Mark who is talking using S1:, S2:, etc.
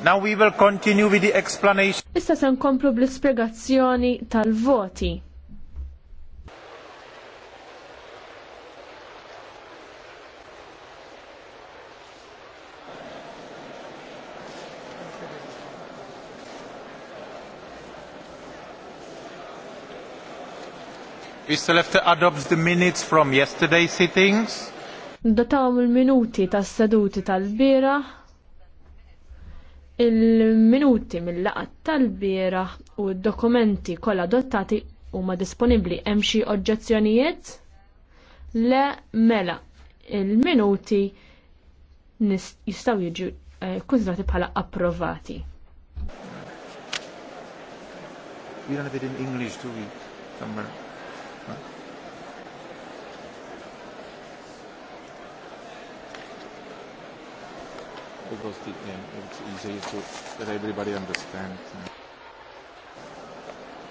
S1: Now we will continue with the explanation.
S2: Issa se nkomplu bl-ispjegazzjoni tal-voti.
S1: We still have to adopt the minutes from yesterday's sittings.
S2: Dotawm il-minuti tas-seduti tal-bira Il-minuti mill-laqat tal-bieraħ u d-dokumenti kollha adottati huma disponibbli hemm xi oġġezzjonijiet? Le mela il-minuti jistgħu jiġu eh, kunżrati bħala approvati.
S3: You don't have it in English, do we? Somewhere. Huh? because the yeah, it's easier to, that everybody understands. Yeah.